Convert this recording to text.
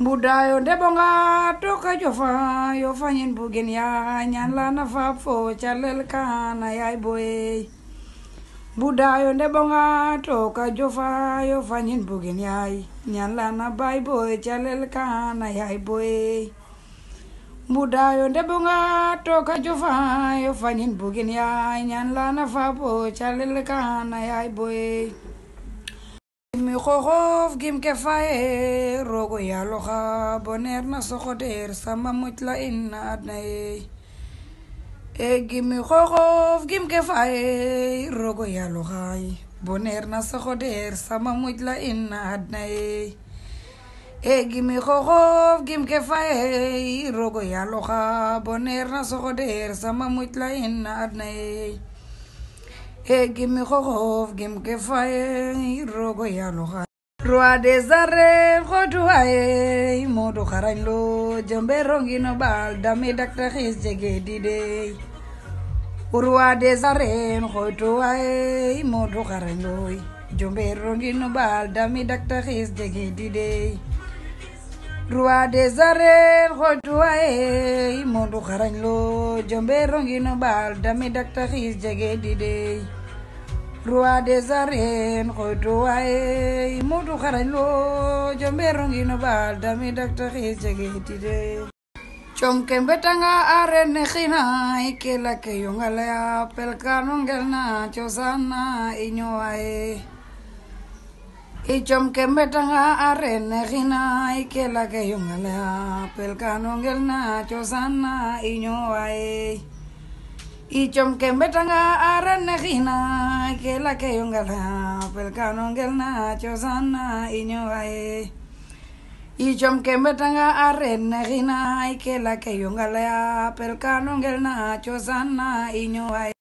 Budayo debonga toka jofa yo fanyin bugin ya nyan lana fap fo chalel kana yai boy. Budayo debonga toka jofa yo fanyin bugin yai nyan lana bai boy chalel kana yai boy. Budayo debonga toka jofa yo fanyin bugin yai nyan lana fap fo chalel kana yai boy. מחורוב גים כפאר, רוגו ילוכה, בונר נסו חודר, סמא מוטלא אינא אדני. גים מחורוב גים כפאר, רוגו ילוכה, בונר נסו חודר, סמא מוטלא אינא אדני. גים מחורוב גים כפאר, רוגו ילוכה, בונר נסו חודר, סמא מוטלא אינא אדני. e ke megogo ke mkefae iroko ya loga rwa desare goduae modo garain lo jomberongino baldame daktages jegedidei urwa desaren goduae modo garain loi jomberongino baldame daktages jegedidei roi des arènes xodduwaye mondu xarañ loo jombe rongi no baal dami daktaxiis jege di dey roi des arènes xodduwaye mondu xarañ loo jombe rongi no baal dami daktaxiis jege di dey conke mbetanga arène ne xinay ke lake yonga laya pelkano ngel na cosaan na i ñowaye Ichom kembetanga arene gina ike ke yungala pelkanongel na chosana inyoae. Ichom kembetanga arene gina ike ke yungala pelkanongel na chosana Ichom kembetanga arene gina ike ke yungala sanna chosana